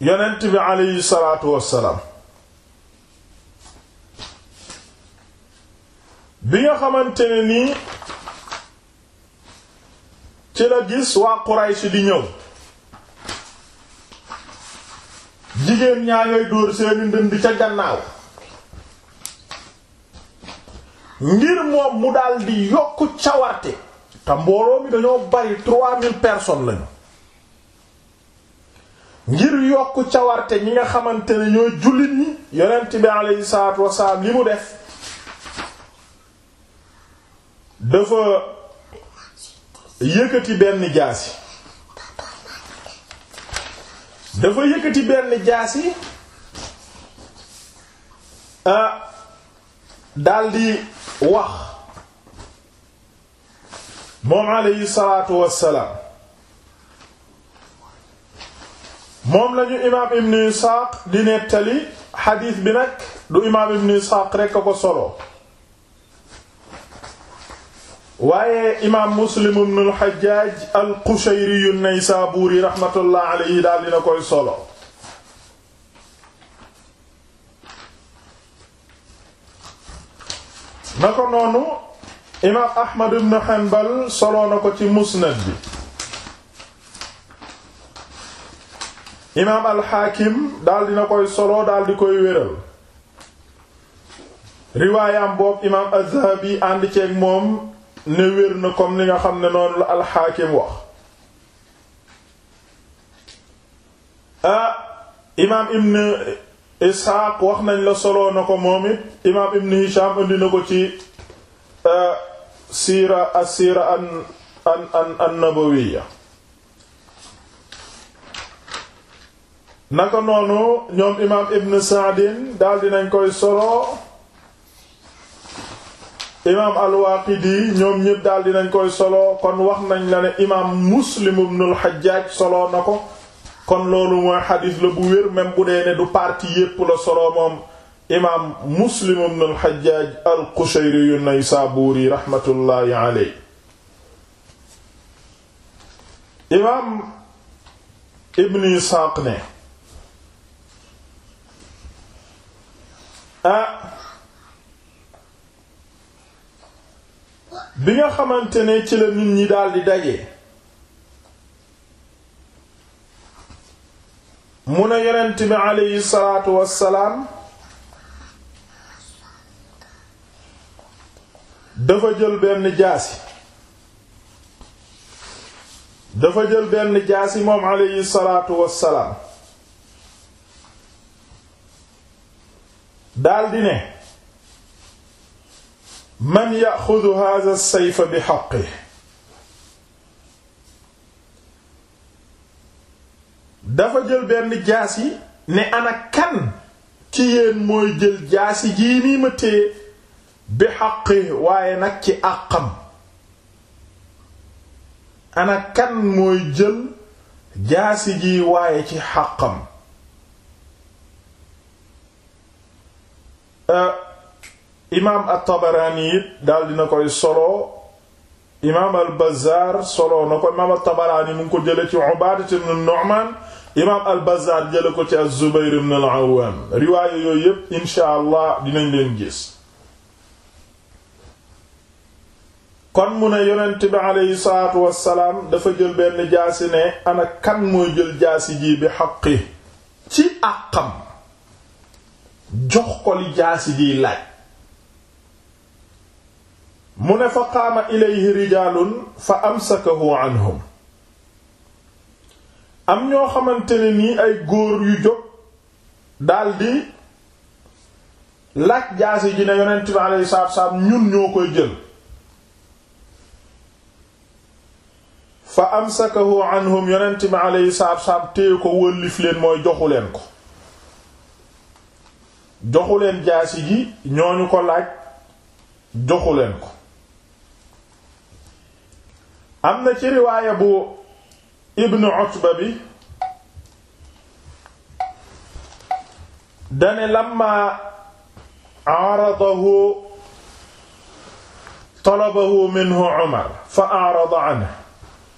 yonent bi aleyhi salaatu wassalaam bi nga xamante ni nii ci la gis waa Quraysh di ñëw jigéen ñaa ngay dóor seeni ndënd ca gannaaw ngir moom mu daldi yokk cawarte te mbooloo mi dañoo bari trois mille personnes lañu ngir yokk cawarte ñi nga xamante ne ñooy jullit ñi yonent bi aleyhi salaatu wasalaam li mu def dafa yëkkati benn jaasi dafa yëkkati benn jaasi ah daldi wax moom aleyhi salaatu wasalaam moom lañu imaam ibn isxaaq di nettali xadiis bi nag du imaam ibn isxaaq rekk ko solo waaye imaam muslim ibn al xajjaaj al qushayri an-naysaburi raxmatullah alayhi daal dina koy solo na ko noonu imaam ahmad ibn hanbal solo na ko ci musnad bi imaam alxaakim daal dina koy solo daal di koy wéral riwaayam boobu imaam az-Zahabi ànd ceeg moom ne wér na comme ni nga xam ne noonu la alxaakim wax ah imaam ibn Isxaaq wax nañ la solo na ko moom it imaam ibn Hisham indi na ko ci ah, siira as-siira an an naka noonu ñoom imaam ibn saadin daal dinañ koy solo imaam al-Waaqidi ñoom ñëpp daal dinañ koy solo kon wax nañ la ne imaam muslim ibn al solo na ko kon loolu mooy xadis la bu wér même bu dee ne du parti yépp la solo moom imaam muslim ibn al al-Qushayri yu Naysaabuuri raxmatullaahi alayhi imaam ibn Isxaaq ne Ah. bi nga xamante ne ci la nit ñi daldi daje mun a yonent bi aleyhi salaatu wassalaam dafa jël benn jaasi dafa jël benn jaasi moom aleyhi salaatu wassalaam daldi ne man yaxudu hadha sayfa bi xaqi dafa jël benn jaasi yi ne ana kan ci yéen mooy jël jaasi jii nii ma téye bi xaqi waaye nag ci àqam ana kan mooy jël jaasi jii waaye ci xaqam Euh, imaam at-Tabarani it daal dina koy solo imaam al-Bazzar solo na ko imaam at-Tabarani mu ko jële ci Ubaada ibn Nu'man imaam al-Bazzar jële ko ci az-Zubayr ibn al-Awwam riwaaye yooyu yépp insha allah dinañ leen gis kon mu ne yonent bi aleyhi salaatu wassalaam dafa jël benn jaasi ne ana kan mooy jël jaasi ji bi xaqi ci àqam jox ko li jaasi jiy laaj mu ne fa qaama ilayhi rijaalun fa amsakahu anhum am ñoo xamante ne ay góor yu jóg daldi laaj jaasi ji ne yonent bi alayhi salaatu wasalaam ñun ñoo koy jël fa amsakahu anhum yonent bi alayhi salaatu wasalaam téye ko wëllif leen mooy joxu leen ko joxu leen jaasi ji ko laaj joxu ko am na ci riwaaya bu ibnu Utba bi dane lamma aradahu talabahu minhu fa arada anhu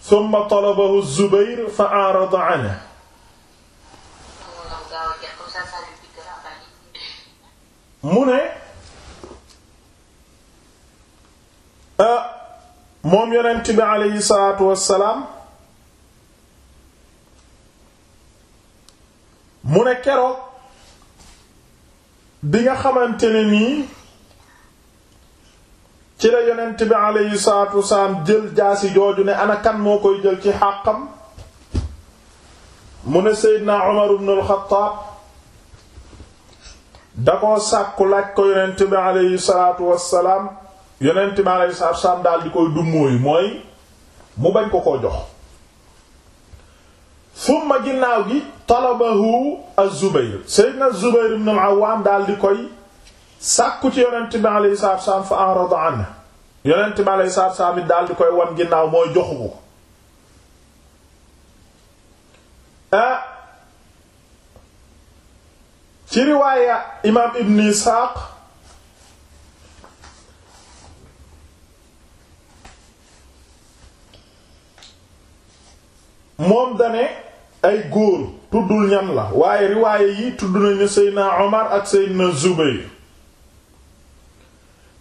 thumma talabahu Zubayr fa arada anhu mu ne ah, moom yonent bi aleyhi salaatu wassalaam mu ne keroog bi nga xamante nii ci la yonent bi aleyhi salaatu wassalaam jël jaasi jooju ne ana kan moo koy jël ci xàqam mu ne Seydina Umar ibn al da koo sàkku laaj ko yonent bi aleyhi salaatu wassalaam yonent bi aleyhi salaatu wassalaam daal di koy dummóoyu mooy mu bañ ko koo jox summa ginnaaw gi talabahu az-Zubayr sayyidna Zubayr ibn al-Awwam daal di koy sàkku ci yonent bi aleyhi salaatu wassalaam fa arada an yonent bi aleyhi salaatu wassalaam it daal di koy wan ginnaaw mooy joxu ko ah ci riwaaya imaam ibn Isxaaq moom dane ay góor tuddul ñan la waaye riwaaya yi tudd nañu seydna Omar ak seydna Zubayr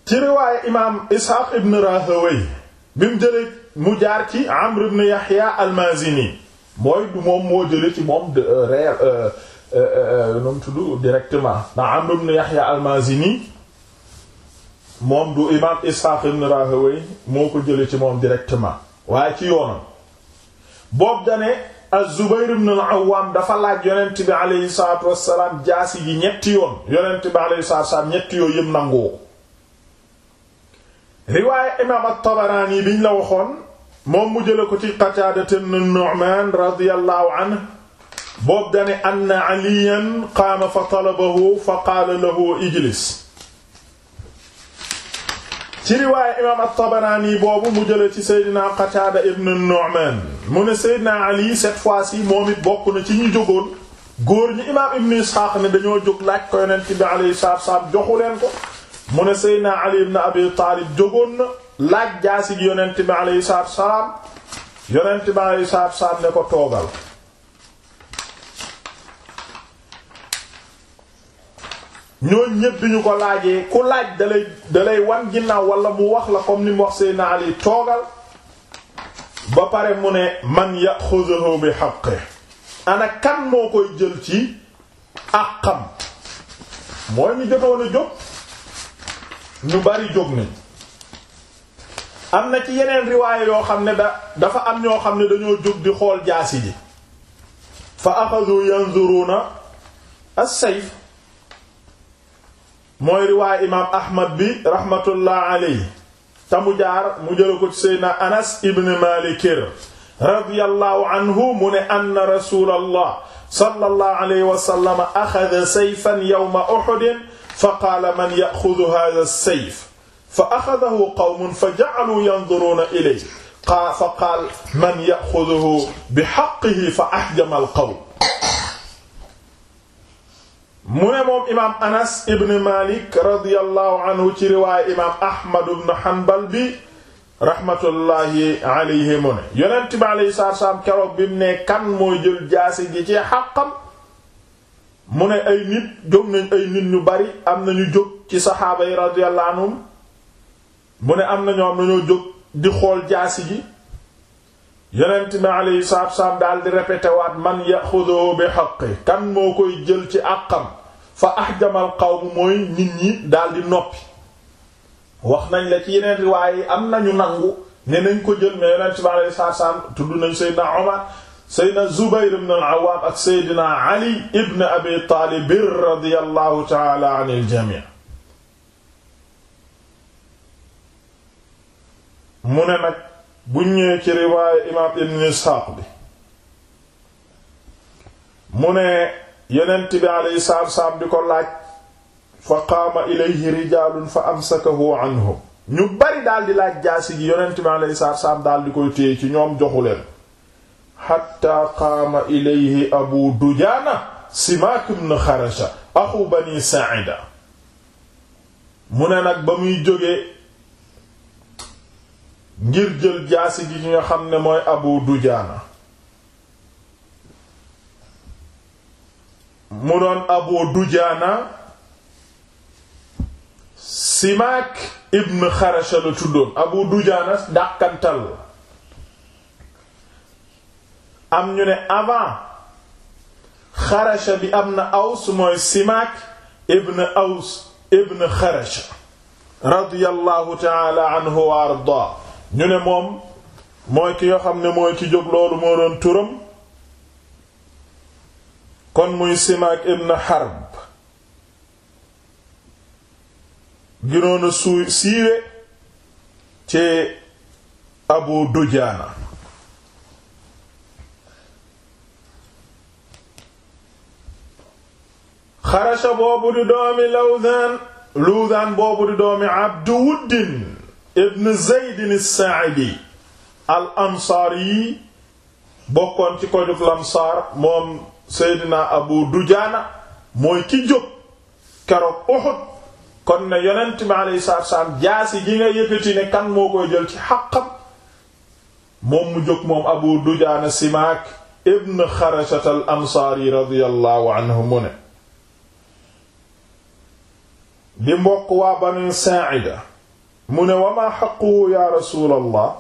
ci riwaaya imaam Isxaaq ibn Rahawey bi mu jëlee mu jaar ci Amr ibn Yaxya al mooy du moom moo jëlee ci moom euh, euh, Euh, euh, euh, nu mu tudd directement ndax Amr ibn Yahya al-Mazini moom du imaam Ishaq ibn Rahawayh moo ko jële ci moom directement waaye ci yoonam boobu dane az-Zubayr ibn al-Awwam dafa laaj yonent bi aleyhi salaatu wassalaam jaasi ji ñetti yoon yonent bi aleyhi salaatu wassalaam ñetti yooyu yëpp nangoo ko riwaaya imaam at-Tabarani biñ la waxoon moom mu jële ko ci Qataadata ibn Nu'man radiyallahu anhu boobu dane anna aliyan qaama fa talabahu fa qaala lahu ijlis ci riwaaya imaam at-Tabaraani boobu mu jële ci Seydina Qataada ibn Nu'maan mu ne Seydina Ali cette fois-ci moom it bokk na ci ñu jógoon góor ñi imaam ibn Isxaaq ne dañoo jóg laaj ko yonent bi alayhi salaatu wassalaam joxu leen ko mu ne Seydina Ali ibn Abi Taalib jógoon na laaj jaasi gi yonent bi alayhi toogal ñooñ ñépp bi ñu ko laajee ku laaj dalay dalay wan ginnaaw wala mu wax la comme ni mu wax Seydina Ali toogal ba pare mu ne man yaxuzuhu bi haqqi ana kan moo koy jël ci àqam mooy ñu jotoon a jóg ñu bari jóg nañ am na ci yeneen riwaaya yoo xam ne dafa am ñoo xam ne dañoo jóg di xool jaasi ji fa axazu yanzuruna as-sayf mooy riwaay imaam ahmad bi rahmatullah alayhi ta mu jaar mu jëla ko ci seydna anas ibn malikir radiyallahu anhu mu ne anna rasulallah sallallahu alayhi wa sallam axada sayfan yawma uhud fa qaala man yaxudu hada sayf fa axadahu qawmun fa jacaluu yanduruuna ilay fa qaal man yaxuduhu bi xaqihi fa axjama alqawm mu ne moom imaam anas ibn malik radiyallahu anhu ci riwaaya imaam ahmad ibn hanbal bi rahmatullahi alayhi mu ne yonent bi alayhi salaatu salaam keroog bi mu ne kan mooy jël jaasi ji ci xàqam mu ne ay nit jóg nañ ay nit ñu bari am na ñu jóg ci saxaaba yi radiyallahu anhum mu ne am na ñoom nañoo jóg di xool jaasi ji yonent bi alayhi salaatu daal di répété waat man yaxuduhu bi haqqi kan moo koy jël ci àqam fa ahjamal qawm mooy nit ñi daal di noppi wax nañ la ci yeneen riwaay yi am nañu nangu ne nañ ko jël mais yonent bi alayhi salaatu wassalaam tudd nañ Seydina Omar Seydina Zubayr al-Awwam ak Seydina Ali ibn Abi Taalib radiyallahu ta'ala anil jami' mu ne nag buñ ñëwee ci riwaaya imaam ibn Isxaaq bi mu ne yonent bi alayhi salaatu salaam di ko laaj fa qaama ilayhi rijaalun fa amsakahu anhum ñu bari daal di laaj jaasi gi yonent bi alayhi salaatu salaam daal koy téye ci ñoom joxu leen xatta qaama ilayhi abu dujaana simaak ibn xarasha axu bani saa'ida mu ne nag ba muy jógee ngir jël jaasi gi nga xam ne mooy Abu Dujaana mu doon Abu Dujaana Simaak ibn Xarasha la tuddoon Abu Dujaana dàqantal am ñu ne avant Xarasha bi am na Aws mooy Simaak ibn Aws ibn Xarasha radiyallahu ta'ala ardaa ñu ne moom mooy ki nga xam ne mooy ki jóg loolu moo doon turam kon muy Simaak ibn Harb ginoon a suu siiwe ci Abu Dujaana xarasha boobu di doomi Lawzaan Lawzaan boobu di doomi Abdu Wuddin ibn zeydin as-sa'idi al ansaari bokkoon ci ko jóg lamsaar moom seydina abu dujaana mooy ki jóg keroog uhud kon ne yonent bi alayhi salaatu jaasi gi nga yëkkati ne kan moo koy jël ci xaqam moom mu jóg moom abu dujaana simaak ibn xarasat ansaari radiyallahu anhu mu ne di mbokk waa banu sa'ida mu ne wamaa xaquhu ya rasulallah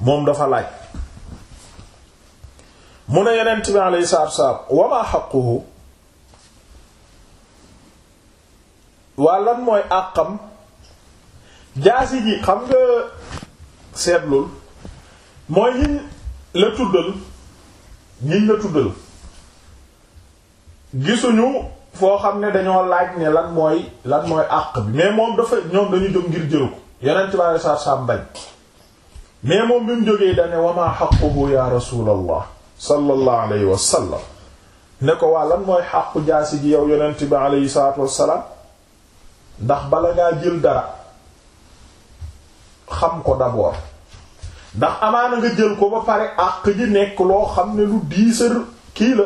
moom dafa laaj mu ne yonent bi alayhi salaatu wasalaam wamaa xaquhu waa lan mooy àqam jaasi ji xam nga seetlul mooy ñiñ la tuddal ñiñ la tuddal gisuñu foo xam ne dañoo laaj ne lan mooy lan mooy àq bi mais moom dafa ñoom dañu jóg ngir jël ko yeneen ci laale saa saam bañ mais moom bi mu jógee dane wa maa xaquhu ya rasulallah sallallahu alayhi wa sallam ne ko waa mooy xàqu jaasi ji yow yonent bi aleyhi salaatu wassalaam ndax bala ngaa jël dara xam ko d'abord ndax amaana nga jël ko ba pare àq ji nekk loo xam ne lu diisar kii la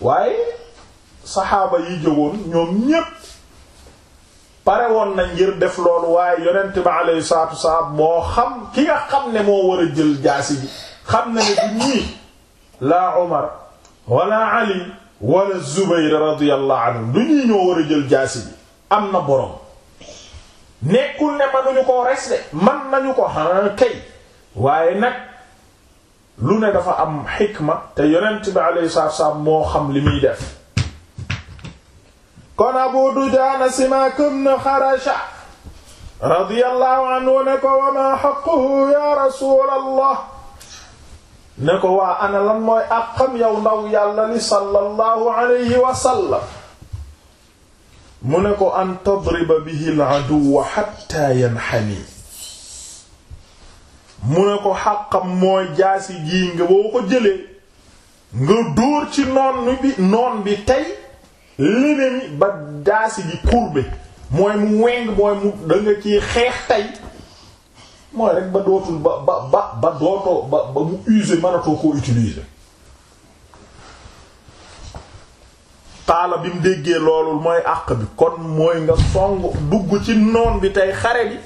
waaye saxaaba yi jëwoon ñoom ñépp pare woon na ngir def loolu waaye yonent bi alayhi salaatu wasalaam moo xam ki xam ne moo war a jël jaasi bi xam na ne wala Ali wala Zubayr radiyallahu ñoo a jël jaasi am na borom nekkul ne mënuñu ko resle man nañu ko xanaa tey waaye nag lu ne dafa am xikma te yonent bi alayhi salaatu moo xam li muy def kon Abu Dujaana Simaak ibn Xarasha radiyallahu anhu ne ko wa maa xaquhu ya rasuulallah ne ko waa ana lan mooy àqam yow ndaw yàlla li sallallahu alayhi wa mu ne ko an tadriba bihi al-aduwwa hatta yanhani mu ne ko xàqam mooy jaasi jii nga boo ko jëlee nga dóor ci noon bi noon bi tey lene mi ba daasi ji courbé mooy mu weng mooy mu da ci xeex tey mooy rek ba dootul ba ba ba ba dootoo ba mu usé mënatoo koo utiliser xaala bi mu déggee loolul mooy àq bi kon mooy nga song dugg ci noon bi tey xare bi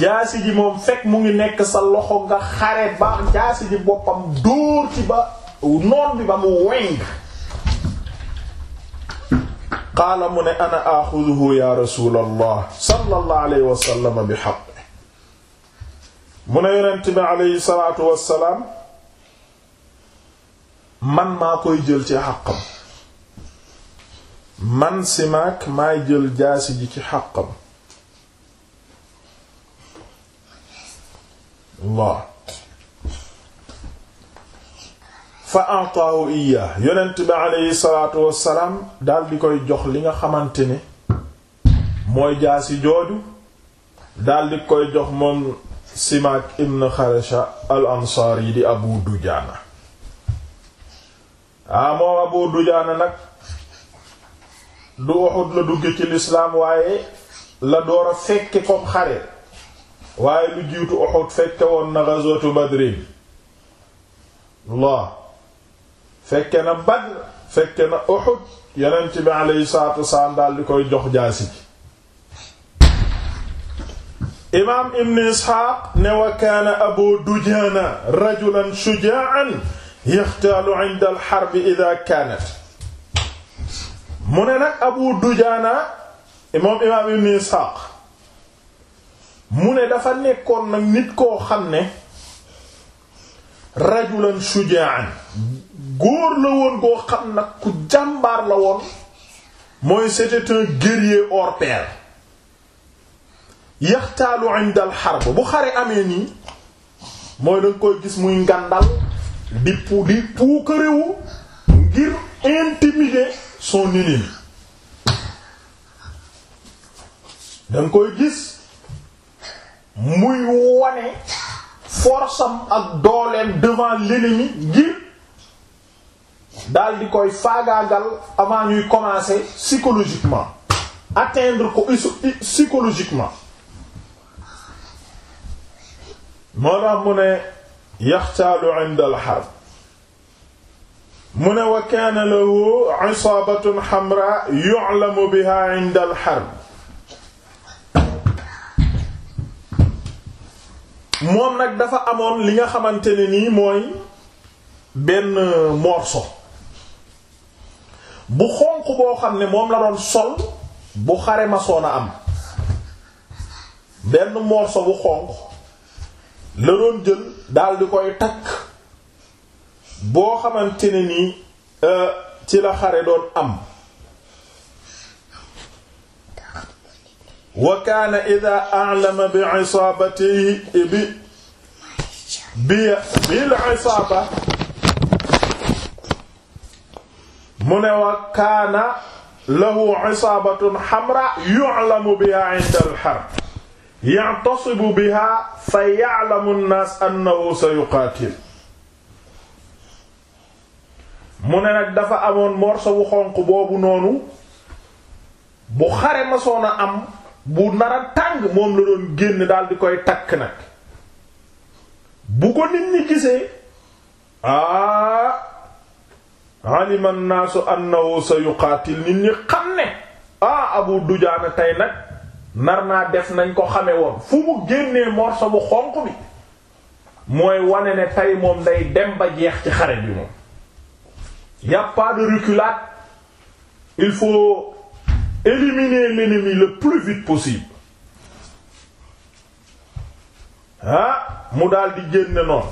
jaasi ji moom fekk mu ngi nekk sa loxo nga xare ba jaasi ji boppam dóor ci ba noon bi ba mu weng qaala mu ne ana axuduhu ya rasulallah sallallahu alayhi wa sallam bi xaq mu ne yonent bi alayhi salaatu wassalaam man maa koy jël ci xaqam man simaak maay jël jaasi ji ci xaqam waaw fa ataahu iya yonent bi aleyhi salaatu dal di koy jox li nga xamante ni mooy jaasi jooju dal di koy jox moom simaak ibn xarasha al yi di abu dujaana a ah, moom abu dujaana nag du Uhud la dugg ci lislaam waaye la door fekke kom xare waaye lu jiitu Uhud fekke woon na ghazwatu badrin Allah fekke na Badr fekke na Uhud yonent bi salaatu wasalaam daal di koy jox jaasi ji imaam ibn isxaaq ne wa kaana abu dujaana rajulan shujaa'an yaxtaalu inda alxarbi ida kaanat mu ne nag abu dujaana imaam ibn isxaaq mu ne dafa nekkoon nag nit koo xam ne rajulan shujaa'an góor la woon goo xam nag ku jàmbaar la woon mooy c'était un guerrier hors pair yaxtaalu inda al harb bu xare amee nii mooy danga koy gis muy ngàndal di di puukarewu ngir intimider son ennemi danga koy gis muy wane force am ak dooleem devant l'ennemi ngir daldi koy faagaagal avant yu commencer psychologiquement atteindre ko psychologiquement moo tax mu ne yaxtaalu inda al mu ne wa kaana lahu isaabatun xamra moom nag dafa amoon li nga xamante ne nii mooy benn morso bu xonq boo xam ne moom la doon sol bu xare ma a am benn morso bu xonq la doon jël daal di koy takk boo xamante ne nii euh, ci la xare doon am wa kaana ida alama bi isaabatihi bi bi bil isaaba mu ne wa kaana lahu isaabatun xamra yu'lamu biha inda al-harb ya'tasibu biha fa ya'lamu an-naas annahu sayuqaatil mu ne nag dafa amoon morso bu xonq boobu noonu bu xare masoon a am bu nar a tàng moom la doon génn daal di koy takk nag bu ko nit ñi gisee aa alima nnaasu annahu sa yuqaatil nit ñi xam ne ah abu dujaana tey nag nar naa def nañ ko xame woon fu mu génnee morso bu xonq bi mooy wane ne tey moom day dem ba jeex ci xare bi moom y'a pas de reculade il faut éliminer l'ennemi le plus vite possible ah mu daal di génne noonu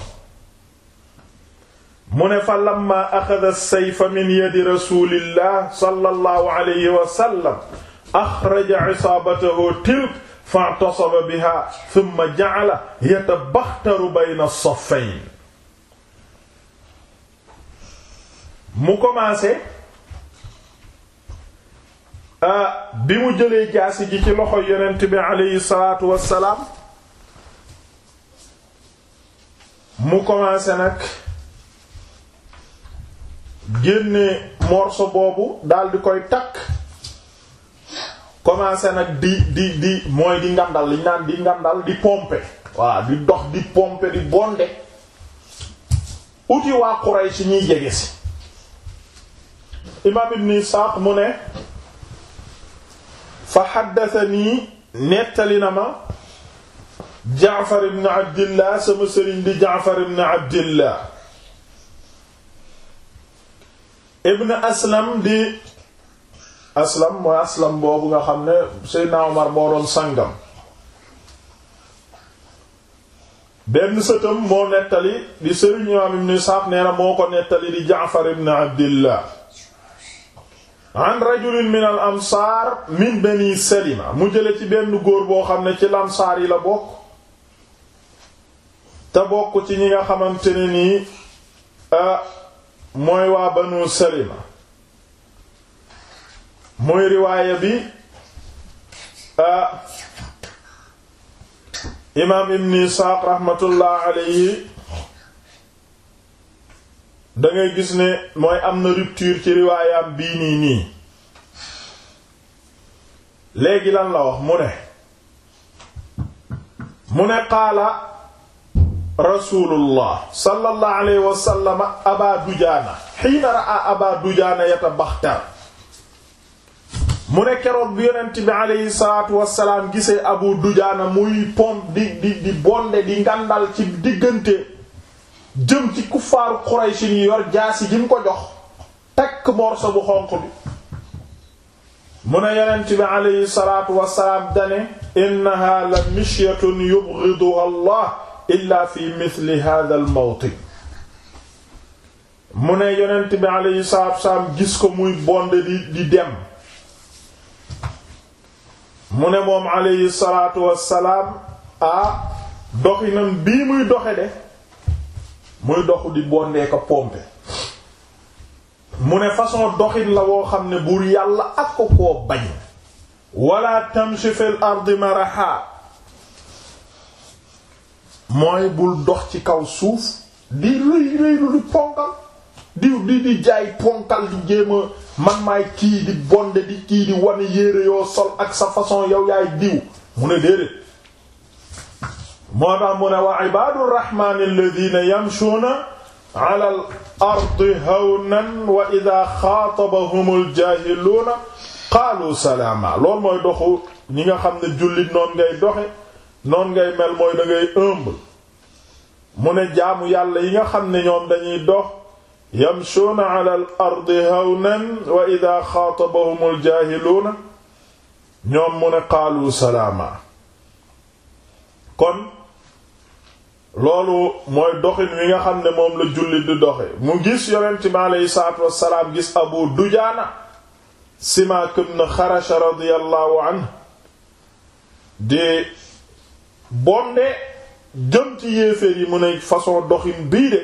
mu ne fa lamma axada sayfa min yadi rasulillah sallallahu alayhi wa sallam axraja isaabatahu tilk fantasaba biha thumma ja'ala yatabaxtaru bayna saffayn mu commencé ah, bi mu jëlee jaasi ji ci loxo yonent bi aleyhi salaatu wassalaam mu commencé nag génne morceau boobu daal koy takk commencé nag di di di mooy di ngandal li ñu naan di ngandal di pomper voilà di dox di pomper di bonde uti waa Quraysh ñuy jege si imaam Ibn Isaaq mu ne fa haddathanii nettali na ma Jaafar ibn Abdillah sama sëriñ di Jaafar ibn Abdillah ibn aslam di aslam mooy aslam boobu nga xam ne Seydina Omar moo doon sangam benn sëtam moo nettali di sëriñ imaam ibn Isxaaq nee na moo ko nettali di Jaafar ibn Abdillah an rajulin min al min bani Salima mu jële ci benn góor boo xam ne ci lansaar yi la bokk te bokk ci ñi nga xamante ni nii euh, mooy waa banu salima mooy riwaaya bi a imaam ibn isxaaq raxmatullah alayhi da gis ne mooy am na rupture ci riwaayam bii nii nii léegi lan la wax mu ne mu ne qaala rasulullah sallallahu alayhi wa sallam aba dujaana xiina raa aba dujaana yatabaxtar mu ne keroog bi yonent bi alayhi salaatu wasalaam gisee abu dujaana muy pompe di bonde di ngàndal ci diggante jëm ci kuffaaru Quraysh yor jaasi ji mu ko jox morso bu xonq bi mu ne yonent bi alayhi salaatu wasalaam dane innaha la mishyatun yubghiduha Allah illa fi mithli hadha al mawtin mu ne yonent bi alayhi salaatu wasalaam gis ko muy bonde di dem mu ne moom alayhi salaatu wasalaam a doxinam bii muy doxe de muy doxu di bondee ko pompe mu ne façon doxin la woo xam ne buur yàlla ak ko koo bañ wala tamshi fil ardi maraha mooy bul dox ci kaw suuf di rëy rëylu di ponkal di di di jaay ponkal di jéem a man maay kii di bonde di kii di wane yére yoo sol ak sa façon yow yaay diw mu ne déedéet moo tax mu ne wa ibaadu rahmaani alladina yamshuuna ala al ardi hawnan wa ida xaatabahum aljahiluuna qaalu salaama loolu mooy doxu ñi nga xam ne jullit noon ngay doxe noon ngay mel mooy da ngay mu ne jaamu yàlla yi nga xam ne ñoom dañuy dox yamshuuna ala al ardi hawnan wa ida xaatabahum al ñoom mu ne qaalu salaama kon loolu mooy doxin wi nga xam ne moom la jullit di doxe mu gis yonent bi aleyhi salaatu wassalaam gis abu dujaana simaak ibn xarasha radiyallahu anhu di bonde jëm ci yéeféer yi mu ne façon doxin bii de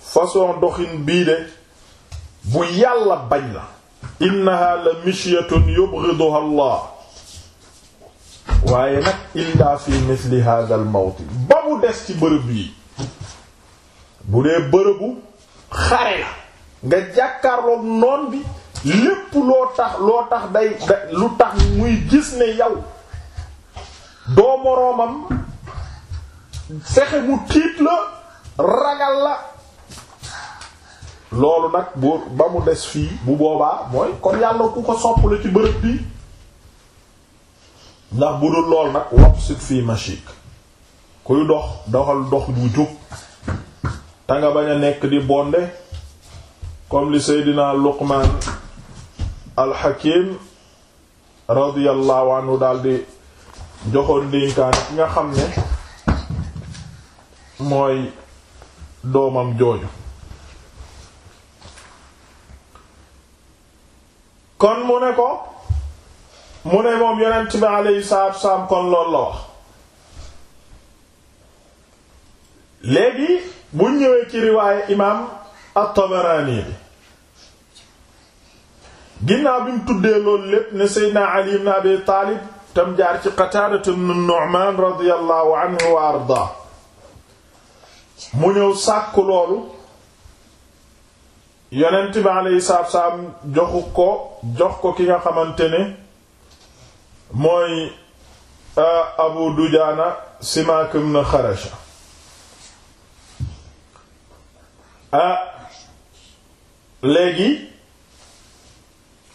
façon doxin bii de bu yàlla bañ la innaha la mishyatun yubghiduha Allah waaye nag illa fi misli hadha al ba mu des ci bërëb yi bu dee bërëbu xare la nga jàkkaarloog noon bi lépp loo tax loo tax day lu tax muy gis ne yow doo moroomam fexe mu tiit la ragal la loolu nag bu ba mu des fii bu boobaa mooy kon yàlla ku ko sopp la ci bërëb bi ndax bu dul lool nag wapsit fii machik kuy dox doxal dox bu jub te nga bañ a nekk di bonde comme li seydina luqman al hakim radiyallahu anhu daldi joxoon ndénkaan ki nga xam ne mooy doomam jooju kon mu ne ko mu ne moom yonent bi alayhi salaatu wasalaam kon loolu la wax léegi bu ñëwee ci riwaaye imaam at-Tabarani bi ginnaaw bi mu tuddee loolu lépp ne Seydina Ali ibn Abi Taalib tam jaar ci Qataadatu ibnu Nu'maan radiyallahu anhu wa ardaa mu ñëw sàkk loolu yonent bi alayhi salaatu salaam joxu ko jox ko ki nga xamante ne mooy uh, Abu Dujaana Simaak ibnu Xarasha uh, léegi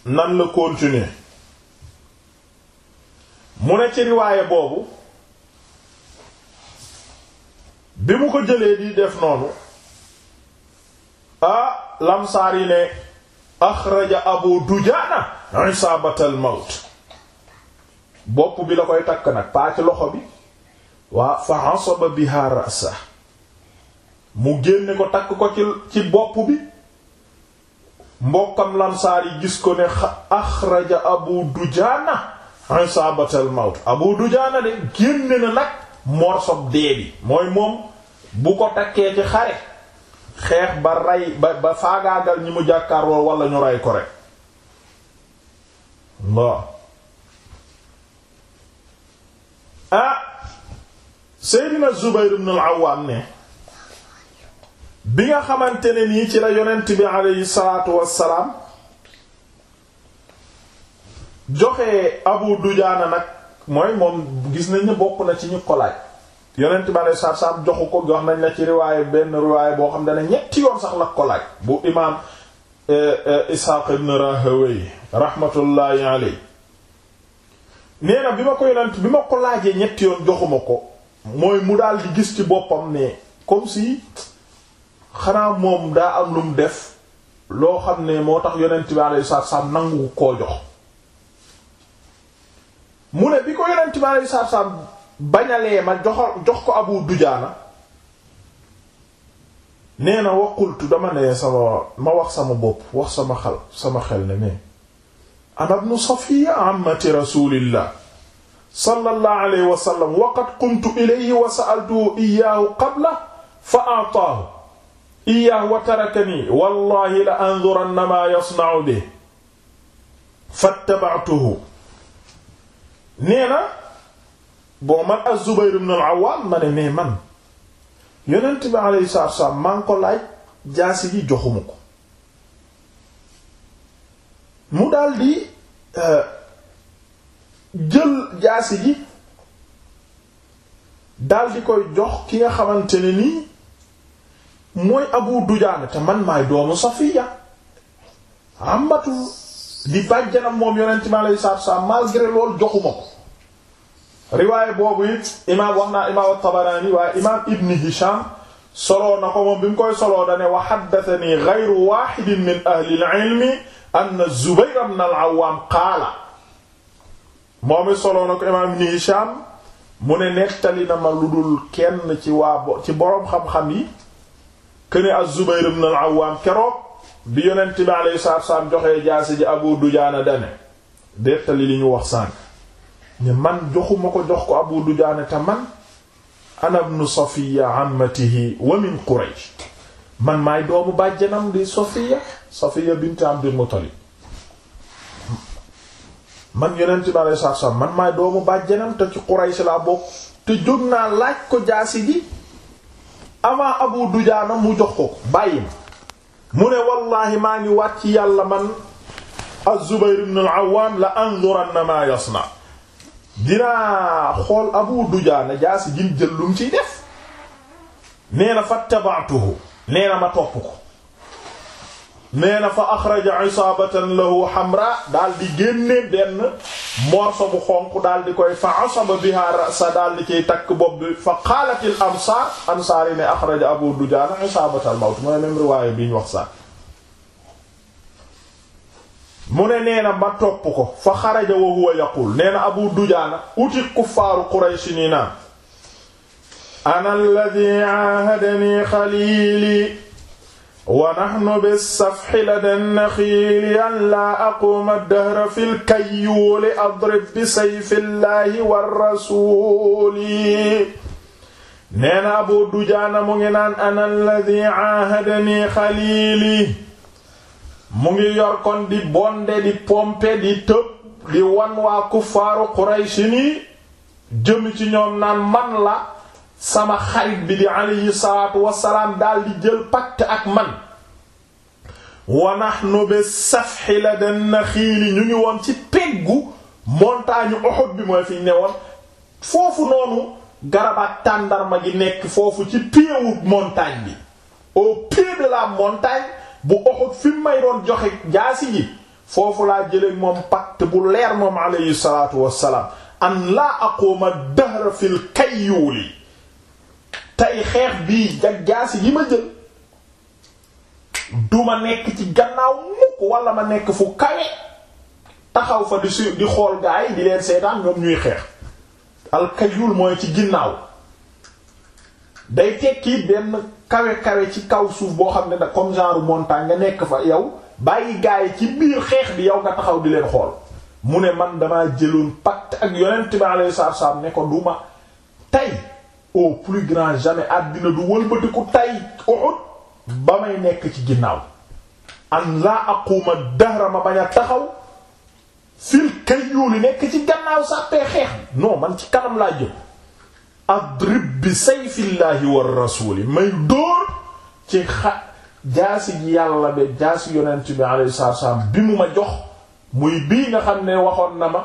nan la continuer mu ne ci riwaaye boobu bi mu ko jëlee di def noonu ah lamsaar yi ne axraja abu dujaana isaabatal mawt bopp bi la koy takk nag paa ci loxo bi waa fa asaba biha rasa mu génne ko takk ko ci ci bopp bi mbokkam lamsaar yi gis ko ne axraja abu dujaana isabatal mawt abu dujaana de génne na nag morsob dee bi mooy moom bu ko takkee ci xare xeex ba rey ba faagaagal ñi mu jàkkaarloo wala ñu rey ko rek waaw ah Seydina Zubayr ibn al ne bi nga xamante ne nii ci la yonent bi aleyhi salaatu salaam joxe Abu Dujaana nag mooy moom gis nañ ni bokk na ci ñu ko laaj yonent bi aleyhi salaatu salaam joxu ko jox nañ la ci riwaaya benn riwaaya boo xam ne ñetti yoon sax la ko bu imaam eh, eh, Isxaaq ibn Rahawayh rahmatullahi alayhi nee na bi ma ko yonent bi ma ko ñetti yoon joxuma ko mooy mu daal di gis ci boppam ne comme si xanaa moom daa am lu mu def loo xam ne moo tax yonent bi aleyhi salaatu salaam nangu koo jox. mu ne bi ko yonent bi aleyhi salaatu salaam bañalee ma jox jox ko Abu Dujaana nee na waqultu dama ne sama ma wax sama bopp wax sama xel sama xel ne ne ana ibnu Safiya ammati rasulillah sallallahu alayhi wa sallam wa qad qumtu ilayhi wa sa'altuhu iyyaahu qabla fa a'taahu iyyaahu wa tarakani wallahi la anzuranna ma yasna'u bihi fattaba'tuhu nee na bon man az-Zubayr ibn al-Awwam ma ne mais man yonent bi alayhi salaatu wasallam maa ngi ko laaj jaasi ji joxuma ko mu daldi euh, jël jaasi ji daldi koy jox ki nga xamante ni nii mooy Abu Dujaana te man maay doomu Safiya amatu di bàjjanam moom yonent mi alayhi salaatu salaam malgré loolu joxuma ko riwaaye boobu it imaam wax naa imaam at-Tabaraani waaye imaam soloo na ko moom bi mu koy soloo dane wa haddathanii ghayru min ahli al-ilmi anna Zubayr al-Awwaam qaala moom it soloo ko imaam Ibn Hisham mu ne nettali na ma lu kenn ci waa ci boroom xam-xam yi këne az-Zubayr ibn al-Awwaam keroog bi yonent bi alayhi salaatu wasalaam joxee jaasi ji Abu Dujaana dane dettali li ñu wax sànk man joxuma ko jox ko Abu Dujaana te man ana nu Safiya ammatihi wa min Quraysh man maay doomu bàjjanam di Safiya Safiya bint Abdul Muttalib man man maay doomu bàjjanam te ci Quraysh laa bokk te jóg naa laaj jaasi ji avant Abu Dujaana mu jox ko ko bàyyi ma mu ne wallaahi maa ngi waat ci yàlla man az-Zubayr ibn al-Awwam la anzuranna maa yasna dinaa xool Abu Dujaana jaasi jim jël lum ciy def nee na fattaba'tuhu nee na ma topp ko nee na fa axraja isaabatan lahu xamra daal di génne benn morso bu xonq dal di koy fa asaba biha ra'sa daal di ciy takk bopp bi fa qaalatil ansaar ansaar ne axraja abu dujaana isaabatal mawt mu ne bi wax sax mu ne nee ba ma topp ko fa xaraja wa huwa yaqul nee na abu dujaana uti kuffaaru quraysh nii naan ana alladhi ahadani xaliili wa nahnu bis-safhi ladaa naxiili an laa aquuma dahra fil kayyuuli adrib bi sayfillaahi warrasuuli nee na Abu Dujaana mu ngi naan ana alladii aahadanii xaliili mu ngi yor di bonde di pompe di tëb di wan waa kuffaaru Quraysh jëm ci ñoom naan man la sama xarit bi di alayhi salaatu wassalaam daal di jël pacte ak man wa nahnu bi safhi la den na xiili ñu ngi woon ci peggu montagne Uhud bi mooy fiñ ne foofu noonu garabaat tàndarma gi nekk foofu ci pied montagne bi au pied de la montagne bu Uhud fi may doon joxe jaasi ji foofu laa jëlee moom pacte bu leer moom alayhi salaatu wassalaam an laa aquma dahra fil kayyuuli tey xeex bii jagjaasi yi ma jël duma nekk ci gannaaw mukk wala ma nekk fu kawe taxaw fa di su di xool gaa yi di leen seetaan ñoom ñuy xeex alkayul mooy ci ginnaaw day tekki benn kawe kawe ci kaw suuf boo xam ne da comme genre montagne nga nekk fa yow bàyyi gaa yi ci biir xeex bi yow nga taxaw di leen xool mu ne man damaa jëloon pacte ak yonent bi alayhi salaatu salaam ne ko du ma tey o plus grand jamais àddina du wëlbatiku tay Uhud ba may nekk ci ginnaaw an laa aquuma dahra ma bañ a taxaw fil kayyuuli nekk ci gannaaw sàppee xeex non man ci kanam laa jëm adrib bi sayfillaahi war rasuuli may dóor ci xa jaasi ji yàlla be jaasi yonent bi alayhi salaam bi mu ma jox muy bii nga xam ne waxoon na ma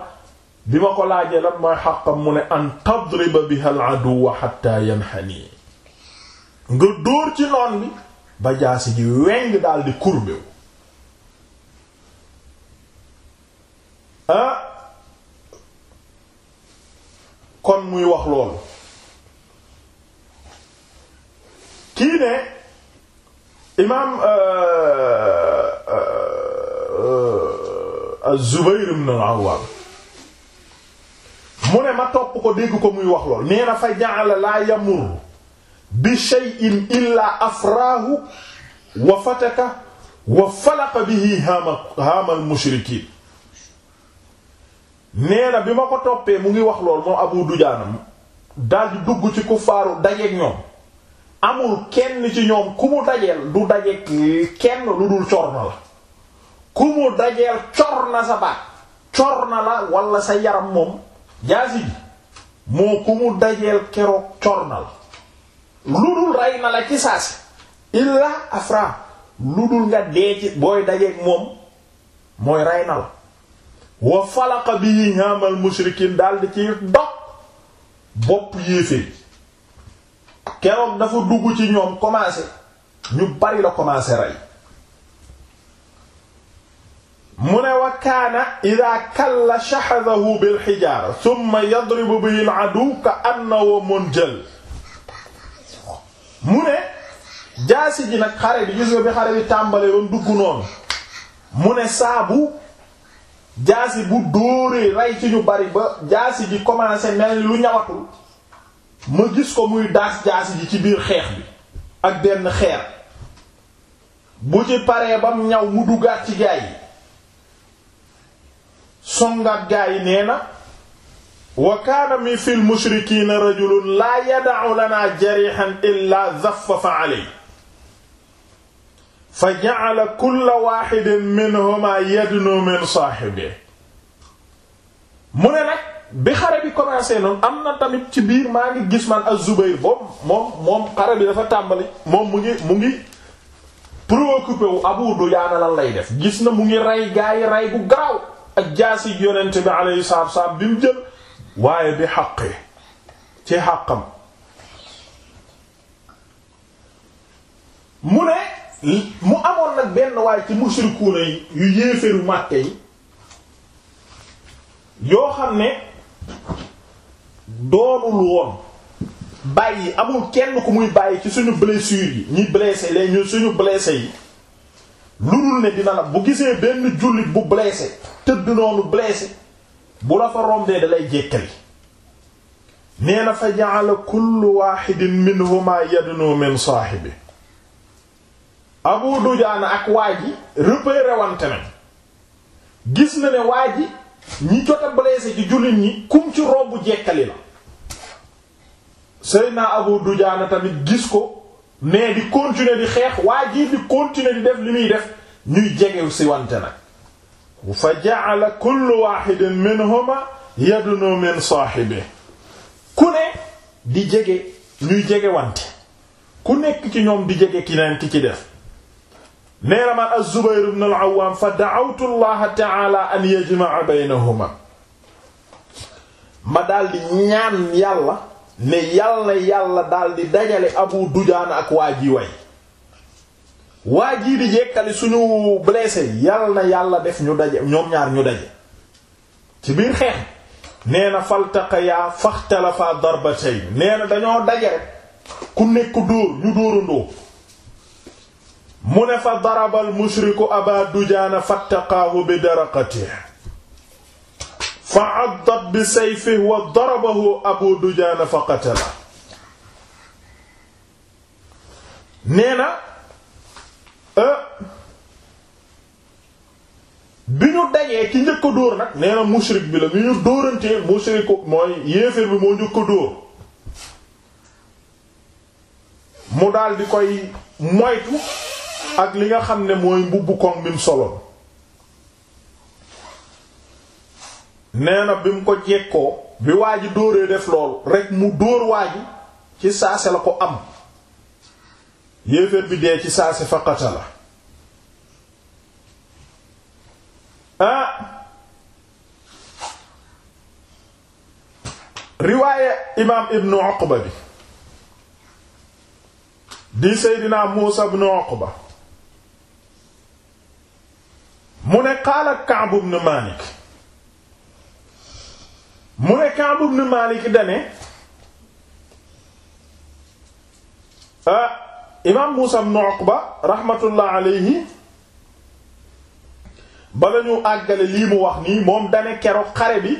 bi ma ko laajee lan mooy xàqam mu ne an tadriba biha al aduwa hatta yanhani nga dóor ci noon bi ba jaasi weng daal di courber ah, kon muy wax loolu kii ne imaam euh, euh, euh, az-Zubayr ibn al-Awwam mu ne ma topp ko dégg ko muy wax lool nee na fa ja'ala laa yamur bi shay'in illaa afraahu wa fataka wa falaqa bihi haama haamal mushrikiin nee na bi ma ko toppee mu ngi wax lool moom Abu Dujaana daldi dugg ci kuffaaru dajeek ñoom amul kenn ci ñoom ku mu dajeel du dajeek kenn lu dul cor na la ku mu dajeel cor na sa baat cor na la walla sa yaram moom jaasi bi moo ku mu dajeel keroog cor na la lu dul rey na la ci illa afra lu dul nga dee ci booy dajeeg moom mooy rey na la wa falaqa bi yi ñaamal mushrikiin daldi ci dog bopp yéefee keroog dafa dugg ci ñoom commencé ñu bari la commencé rey mu ne wa kaana ida kalla shahadahu bil xijaara summa yadribu bihi al adu ka annahu munjal mu ne jaasi ji nag xare bi gis nga bi xare bi tàmbale yoon dugg noonu mu ne saabu jaasi bu dóoree rey ci ñu bari ba jaasi ji commencé mel lu ñawatul ma gis ko muy daas jaasi ji ci biir xeex bi ak benn xeer bu ci paree mu ñaw mu duggaat ci gaa yi songaat gaa yi nee na wa kaana mi fi lmushrikiina rajulun laa yada'u lanaa jarihan illaa zaffafa alayhi fa ja'ala kulla waahidin minhumaa yadnu min saahibihi mu ne nag bi xare bi commencé noonu am na tamit ci biir maa ngi gis man az-Zubayr boobu moom moom xare bi dafa tàmbali moom mu ngi mu ngi préoccupé wu Abu Dujaana lan lay def gis na mu ngi rey gaa yi bu garaaw ak jaasi yonent bi alayhi salaatu wassalaam bi mu jël waaye bi xaqi ci xaqam mu ne mu amoon nag benn waaye ci mushrikuuna yi yu yéeféeru Màkka yi yoo xam ne doonul woon bàyyi amul kenn ku muy bàyyi ci suñu blessure yi ñi blessé leen ñu suñu blessé yi lu dul ne dina la bu gisee benn jullit bu blessé tëdd noonu blessé bu la fa rombee dalay jékkali nee na fa ja'ala kullu wahidin minhuma yadnu min saahibi Abu Dujaana ak waa ji repéré wante nañ gis na ne waa ji ñi jot a blessé ci jullit ñi kum ci romb jekkali la Seydina Abu Dujaana tamit gis ko mais di continuer di xeex waa jii di continuer di def li muy def ñuy jegew si wante nag fa ja'ala kullu wahidin minhuma yadunu min saahibi ku ne di jege ñuy jege wante ku nekk ci ñoom di jege kineen ki ci def neera man az-Zubayr ibn al-Awwam fa da'awtu Allah ta'ala an yajma'a baynahuma ma daldi ñaan yàlla ne yàlla yàlla daldi dajale abu dujaana ak waa ji way waa jii di yekkali suñu blessé yal na yàlla def ñu daje ñoom ñaar ñu daje ci biir xeex nee na faltaqayaa faxtalafa darbatayn nee na dañoo daje ku nekk dóor ñu dóorandoo mu ne fa darabal mushriku aba dujaana fattaqaahu bi daraqatihi fa addat bi sayfihi wa darabahu abu dujaana fa qatala nee na euh, bi ñu dajee ki njëkk a dóor nag nee na bi la mi ñu dóorantee mushrik mooy yéeféer bi moo njëkk a dóor mu daldi koy moytu ak li nga xam ne mooy mbubbu koŋ bi soloon nee na bi mu ko jekkoo bi waa ji dóoree def loolu rek mu dóor waa ci saase la ko am yéeféer bi dee ci saase faqata la ah riwaaye imaam ibnu Uqba bi di seydinaa Muusa ibnu Uqba mu ne qaala Ka'b ibnu Maalik mu ne Kaab ibn Maalik dane ah imaam Muusaa ibn Uqba rahmatullah alayhi bala ñu àggale lii mu wax nii moom dane keroog xare bi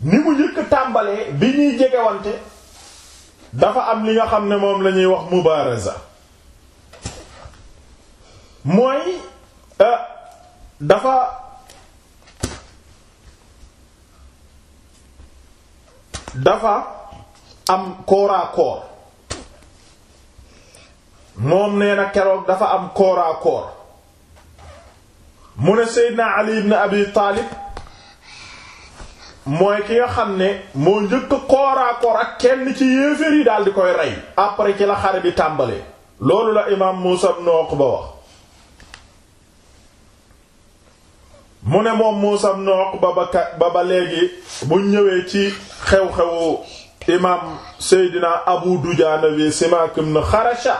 ni mu njëkk tàmbalee bi ñuy jegewante dafa am li nga xam ne moom la ñuy wax mubaaraza mooy ah, dafa dafa am kooraakoor moom nee na keroog dafa am kooraakoor mu ne Seydina Ali ibn Abi Taalib mooy ki nga xam ne moo njëkk kooraakoor ak kenn ci yéeféer yi daal di koy rey après ci la xare bi tàmbalee loolu la imaam Muusa ibn Uqba wax mu ne moom Muusaa ibn Uqba ba ba ba léegi bu ñëwee ci xew-xewu imaam Seydina Abu Dujaana bi Simaak ibn Xarasha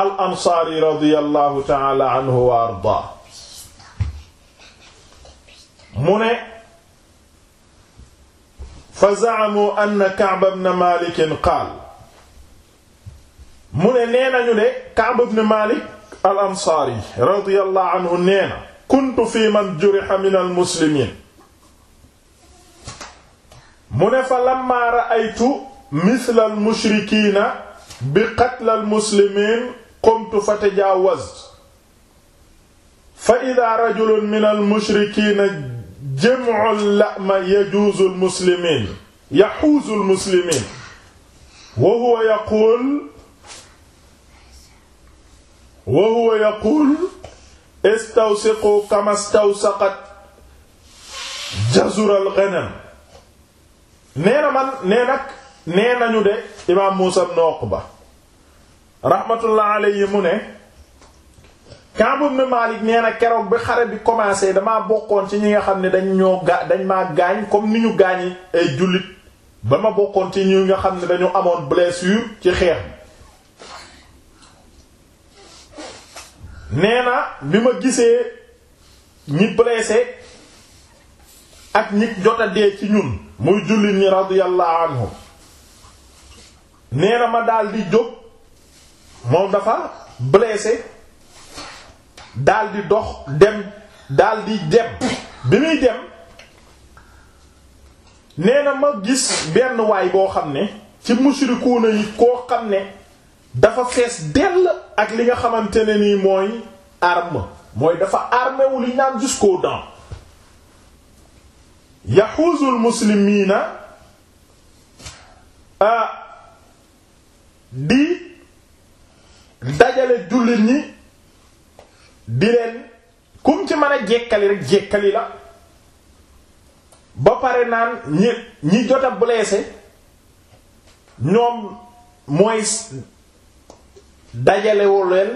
al ansaari radiyallahu ta'ala anhu wa ardaa mu ne fa za'amu anna Ka'b ibn Maalik qaal mu ne nee nañu de Ka'b ibn Maalik al ansaari radiyallahu anhu nee na kuntu fi man juriha min al muslimin mu ne fa lamma ra'aytu mithla al mushrikiina bi qatl al muslimiin qumtu fa tajaawaztu fa idaa rajulun min al mushrikiina jam'ul la'ma yajuuzu al muslimiin yahuuzu al muslimiin wa huwa yaquul wa huwa yaquul istawsiqu kama stawsaqat jazural ghanam nee na man nee nag nee nañu de imaam Muusa ba Uqba rahmatullah yi mu ne Ka'b ibn Malik nee na keroog bi xare bi commencé damaa bokkoon ci ñi nga xam ne dañ ñoo dañ maa gaañ comme ni ñu gaañi ay jullit ba ma bokkoon ci ñi nga xam ne dañu amoon blessure ci xeex bi nee na bi ma gisee ñi blessé ak ñi jot ci ñun muy jullit ñi radiyallahu anhu ma daldi di jóg moom dafa blessé daldi dox dem daal di dem bi muy dem nee ma gis benn waay boo xam ne ci mushrikuuna yi koo xam ne dafa fees dell ak li nga xamante ne nii mooy arme mooy dafa armé wu li naan jusqu'aux dents yaxuusul muslimiina ah di dajale jullit ñi di leen kum ci mën a jekkali rek jekkali la ba pare naan ñi ñi jot a ñoom mooy dajalewu leen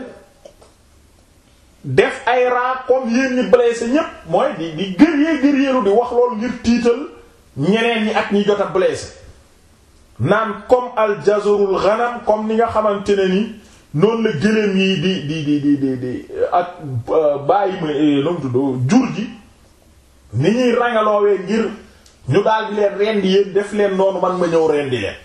def ay raa comme yéen ñi blessé ñépp mooy di di gëree gëreelu di wax loolu ngir tiital ñeneen ñi ak ñi jot a blessé naan comme aljazarul ghanam comme ni nga xamante ne ni noonu la gëléem yi di di di di di di ak euh, bàyyi ma nomu eh, tudd jur gi ni ñuy rangaloowee ngir ñu daal di leen rendi yéen def leen noonu man ma ñëw rendi leen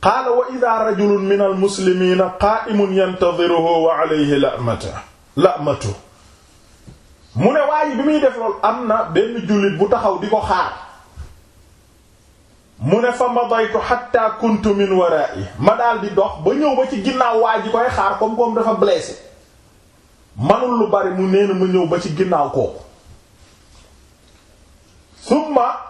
qaala wa ida rajulun min almuslimina qaaimun yantadiruhu wa alayhi lamatu lamatu mu ne waaye bi muy def lool am na benn jullit bu taxaw di ko xaar mu ne fa madaytu xatta kuntu min wara'i ma daal di dox ba ñëw ba ci ginnaaw waa ji koy xaar comme comme dafa blessé manul lu bari mu nee ma ñëw ba ci ginnaaw kooku summa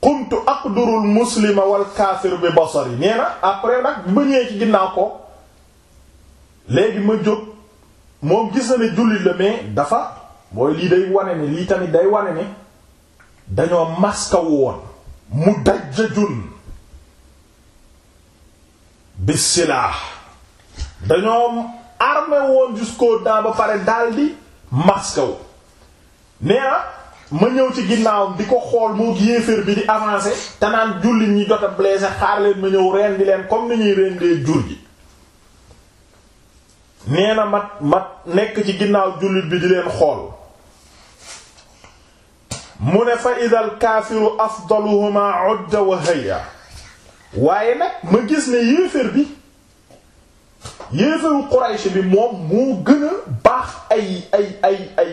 qumtu aqdurul muslima wal kaafir bi basari nee na après nag ba ñëwee ci ginnaaw ko léegi ma jóg moo gis na ni jullit la mais dafa mooy lii day wane ne lii tamit day wane ne dañoo maska woon mu dajjajun bi silah dañoo armé woon jusqu'aux dents ba pare daldi maska wu nee na ma ñëw ci ginnaaw di ko xool moo yéeféer bi di avancer te naan jullit ñi jot a ma ñëw rendi leen comme ni ñuy rendee jur gi nee na mat mat nekk ci ginnaaw jullit bi di leen xool mu ne fa idal kaafiru afdaluhuma odda wa haya waaye nag ma gis ne yéeféer bi yéefaru Quraysh bi moom moo gën a baax ay ay ay ay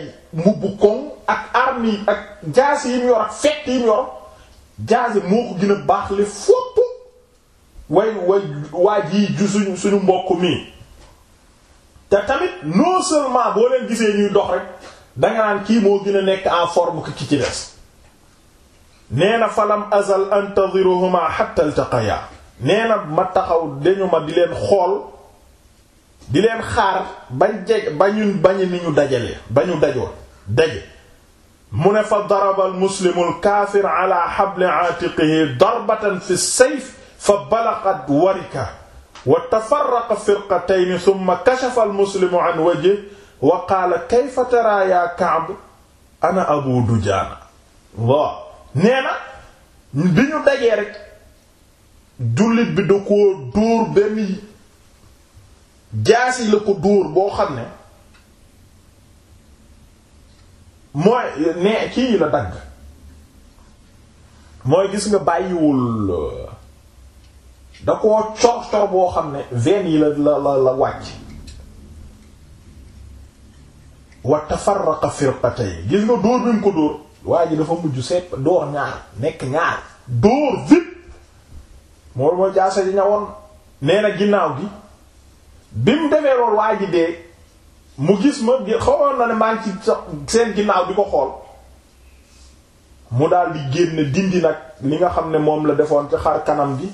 koŋ ak armi ak jaas yi mu yor ak fett yi yor jaas moo ko gën a baax le fopp way waa ji ju suñu suñu mbokk mi te tamit non seulement boo leen gisee ñuy dox rek danga naan kii moo gën a nekk en forme ki ci des nee na falam azal antadiruhuma hatta iltaqaya nee na ma taxaw dañu ma di leen xool di leen xaar bañ jeg bañun bañ ni ñu dajale bañu dajoon daje mu ne fa daraba al muslimu al kaafir ala xabli aatiqihi darbatan fi sayf fa balaqat warika wa tafaraqa firqatayn summa kashafa al muslimu an wajhi wa qaala kayfa taraa yaa Ka'b ana Abu Dujaana waaw nee na bi ñu dajee rek jullit bi da koo dóor benn jaasi la ko dóor boo xam ne mooy ne kii la dagg mooy gis nga bàyyiwul da koo cor cor boo xam ne ven yi la la la la wàcc wa tafarraqa firqatay gis nga dóor bi ko dóor waa ji dafa mujj sepp dóor nekk ñaar dóor vite moolu mooy jaasa ji ñawoon nee ginnaaw gi bi mu defee loolu waa ji dee mu gis ma xawoon na ne maa ngi ci sax seen ginnaaw di ko xool mu daal di génn dindi nag li nga xam ne moom la defoon ci xar kanam gi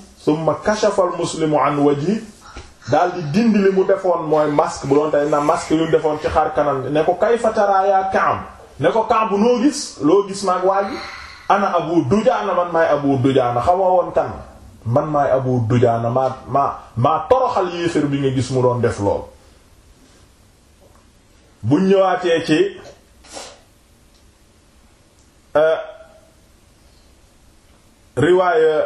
ma kashafal muslimu an waji daal di dindi li mu defoon mooy masque bu doon tey na masque yu defoon ci xar kanam gi ne ko kayfa taraa yaa ne ko Kaab noo gis loo gis maag waa ji ana Abu Dujaana man maay Abu Dujaana xamoo woon kan man maay abu dujaana maa maa maa toroxal bi nga gis mu doon def lool bu ñu ñëwaatee ci euh, riwaaya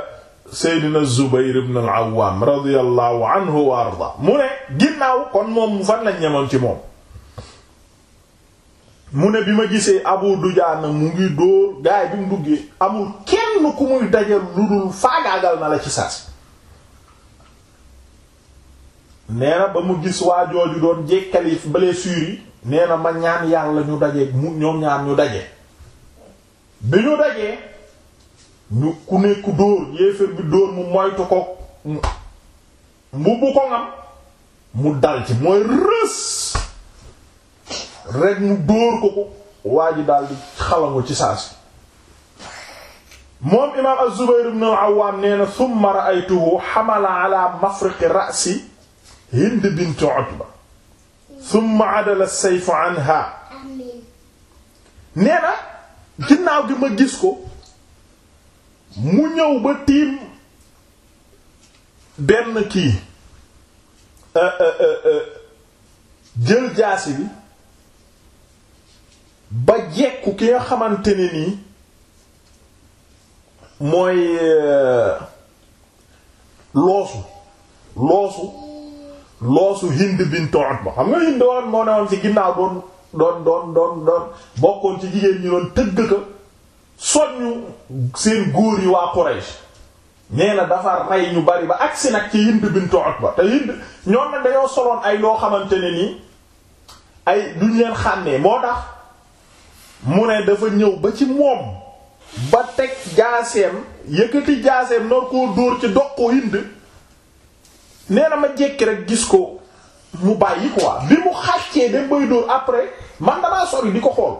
seydina zubayr ibn al awaam radiallahu anhu wa arda mu ne ginnaaw kon moom fan lañ ñemoon ci moom mu ne bi ma gisee du Dujaana mu ngi dóor gaay bi mu duggee amul kenn ku muy dajal lu dul faagaagal na la ci saas nee na ba mu gis waa jooju doon jekkali blessure yi nee na ma ñaan yàlla ñu daje mu ñoom ñaan ñu daje bi ñu dajee ñu ku nekk dóor yéeféer bi dóor mu moytu ko mbubb ko ngam mu dal ci mooy rës rek mu dóor ko ko waa ji daal di xalangu ci saasi moom imaam az-Zubayr ibn al-Awwam nee na thumma ra'aytuhu hamala ala mafriqi ra'si Hind bint Utba thumma adala as anha nee na ginnaaw gi ma gis ko mu ñëw ba tiim benn kii euh, euh, euh, jël jaasi bi ba jekku ki nga xamante ne nii mooy euh, loosu loosu loosu Hind bint Utba xam nga Hind woon moo ne woon ci ginnaaw doon doon doon doon doon bokkoon ci jigéen ñi doon tëgg ka soññu seen góor yi waa Quraysh nee na dafa rey ñu bari ba agsi nag ci Hind bint Utba te Hind ñoom nag dañoo soloon ay loo xamante ne nii ay duñ leen xàmmee moo tax mu ne dafa ñëw ba ci moom ba teg jaaseem yëkkati jaaseem noor koo dóor ci dox ko hind nee na ma jekki rek gis ko mu bàyyi quoi bi mu xàccee dem bay dóor après man damaa sori di ko xool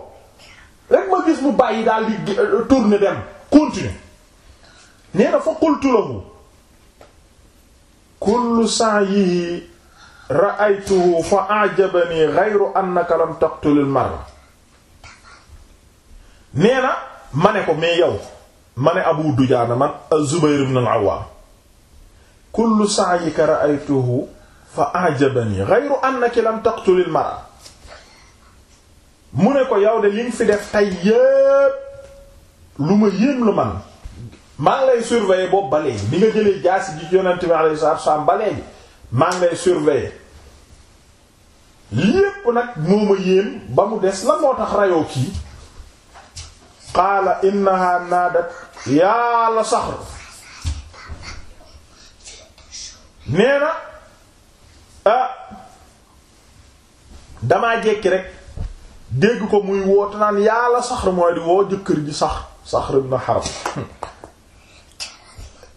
rek ma gis mu bàyyi daal di euh, tourner dem continuer nee na fa qultu lahu kullu sa'yihi ra'aytuhu fa a'jabani ghayru annaka lam taqtulil mar'a nee na ma ne ko mais yow ma ne Abu Dujaana man az-Zubayr ibn al-Awwaam kullu sa'yika ra'aytuhu fa a'jabani ghayru annaki lam taqtuli al-mar'a mu ne ko yow de li fi def tey yépp lu ma yéem lu man maa ngi lay surveiller boobu ba léegi bi nga jëlee jaas ji yonent bi alayhi salaatu ba léegi maa ngi lay surveiller lépp nag moo ma yéem ba mu des la moo tax rayoo kii qaala innaha naadat yaa la saxr nee na ah jekki rek dégg ko muy woote naan yaa saxr mooy di woo jëkkër ji sax saxr bi Harb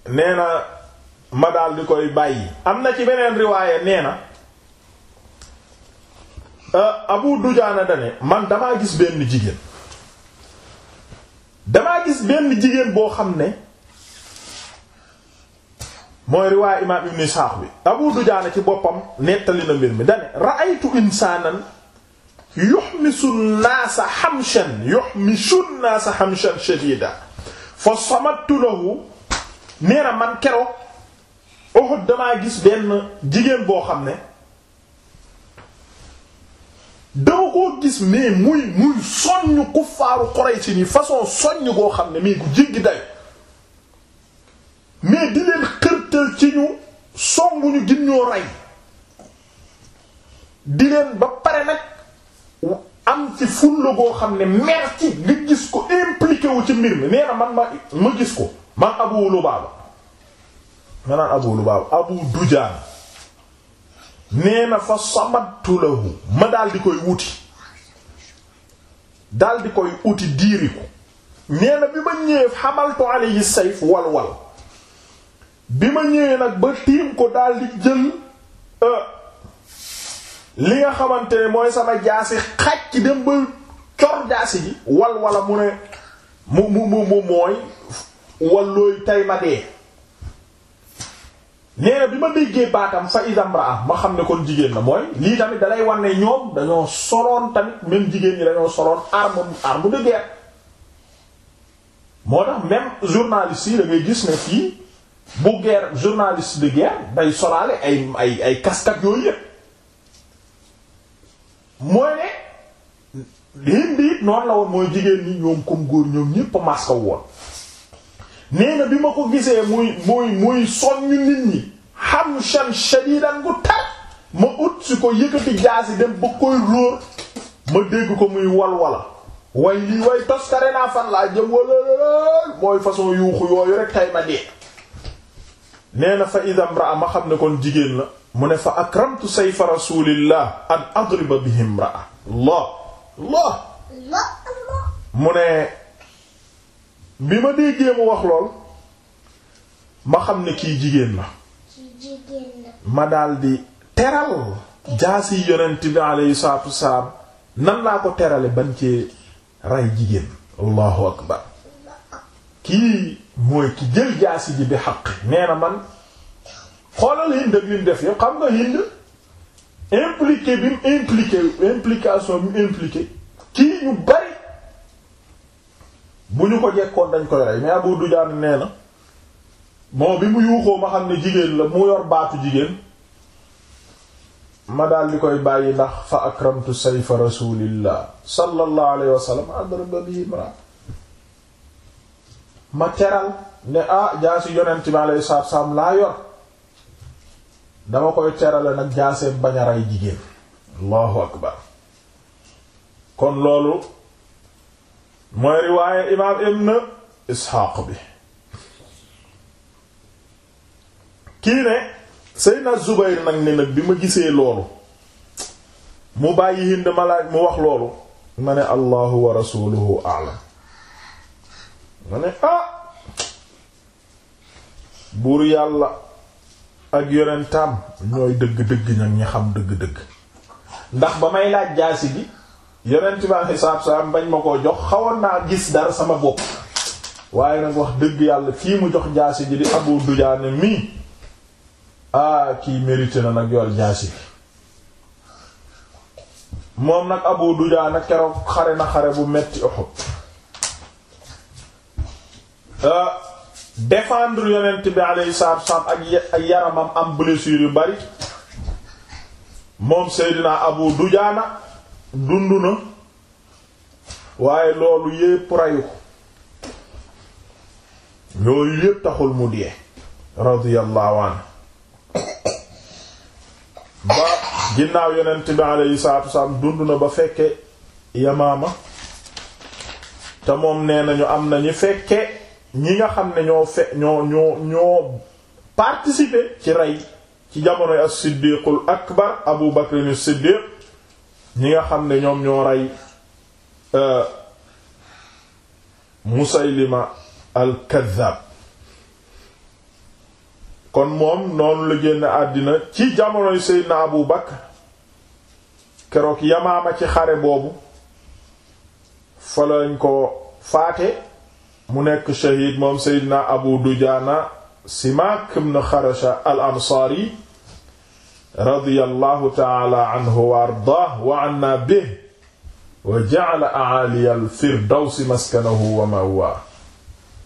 nee na ma daal di koy bàyyi am na ci beneen riwaaye nee na ah, Abu Dujaana dane man damaa gis benn jigéen damaa gis benn jigéen boo xam ne mooy riwaay imaam ibn Isaaq bi Abu Dujaana ci boppam nettali na mbir mi dane ra'aytu insaanan yuhmisu naasa hamshan yuhmisu naasa hamshan shadiida fa samattu lahu nee na man keroog Uhud damaa gis benn jigéen boo xam ne dama koo gis mais muy muy soññ kuffaaru Quraysh yi façon soññ goo xam ne mais gu jéggi day mais di leen xërtal ci ñu songu ñu gin ñoo rey di leen ba pare nag am ci fulla goo xam ne mer nga gis ko impliqué wu ci mbir mi nee na man ma ma gis ko man Abu Lubaaba ma naan Abu Lubaaba Abu Dujaana nee na fa samattu lahu ma daal di koy wuti daal di koy uti diiri ko nee na bi ma ñëwee xamaltu alayhi sayf walwal bi ma ñëwee nag ba tiim ko daal di jël euh, li nga xamante ne mooy sama jaasi xaj ci dem ba cor jaasi ji walwala mu ne mu mu mu mooy wallooy tay ma dee nee bi ma déggee baatam fa idam raa ma xam ne kon jigéen la mooy lii tamit dalay wan ne ñoom dañoo soloon tamit même jigéen ñi dañoo soloon arme arme de guerre moo tax même journaliste yi da gis ne fii bu guerre journaliste de guerre day solaale ay ay ay casquette yëpp mooy ne hindi it noonu la woon mooy jigéen ñi ñoom comme góor ñoom ñépp maska woon nee bi ma ko gisee muy muy muy soññu nit ñi hamshan shadidan gu tar ma ut si ko yëkkati jaasi dem ba koy róor ma dégg ko muy walwala way lii way toskare naa fan laa jëm wala mooy façon yuuxu yooyu rek tay ma dee nee fa idam raa ma xam ne kon jigéen la mu ne fa akramtu sayfa rasulillah an adriba bihim raa allah allah mu ne bi ma déggee mu wax lool ma xam ne kii jigéen la ma daldi teral jaasi yonent bi alayhi salaatu wassalaam nan laa ko terale ban cee rey jigéen allahu akbar kii mooy ki jël jaasi ji bi xaq nee na man xoolal Hind ak lim def yow xam nga Hind impliqué bi mu impliqué implication bi mu impliqué kii ñu bari bu ñu ko jekkoon dañ koy rey mais Abu Dujaan nee na moom bi mu yuuxoo ma xam ne jigéen la mu yor baatu jigéen ma daal koy bàyyi ndax fa akramtu sayfa rasulillah sallallahu alayhi wa sallam adraba bi imra ma teral ne ah jaasi yonent bi alayhi laa yor dama koy terale nag jaasee bañ a rey jigéen allahu akbar kon loolu mooy riwaaye imaam ibn isxaaq bi kii ne Seydina Zubayr nag ni nag bi ma gisee loolu mu bàyyi Hind ma laaj mu wax loolu ma ne allahu wa rasuluhu a'lam ma ne ah buur yàlla ak yonentam ñooy dëgg-dëgg ñag ñi xam dëgg-dëgg ndax ba may laaj jaasi gi yeneen ci baaxi saab-saab bañ ma koo jox xawoon naa gis dara sama bopp waaye nag wax dëgg yàlla fii mu jox jaasi ji di Abu Dujaana mii ah, kii mérité na nag yor jaasi bi moom nag Abu Dujaana keroog xare na xare bu metti Uhud ah, défendre yonent bi alayhi salaatu wassalaam ak ak yaramam am blessure yu bari moom Seydina Abu Dujaana dund na waaye loolu yépp reyu yooyu yépp taxul mu dee radiyallahu anhu ba ginnaaw yonent bi alayhi salaatu wasalaam dund na ba fekke yamaama te moom nee nañu am na ñu fekke ñi nga xam ne ñoo fe ñoo ñoo ñoo participer ci rey ci jamonoy as-siddiqul akbar abu bakr as-siddiq ñi nga xam ne ñoom ñoo rey euh, Musaylima al-Kazzab kon moom noonu la génn àddina ci jamonoy Seydina Abu Bakr keroog Yamaama ci xare boobu fa lañ ko faate mu nekk shahid moom Seydina Abu Dujaana Simaak na Xarasha al yi radiyallahu taala anhu wa ardaah wa anna bih wa ja'ala a'ali al-firdawsi maskanahu wa ma'waa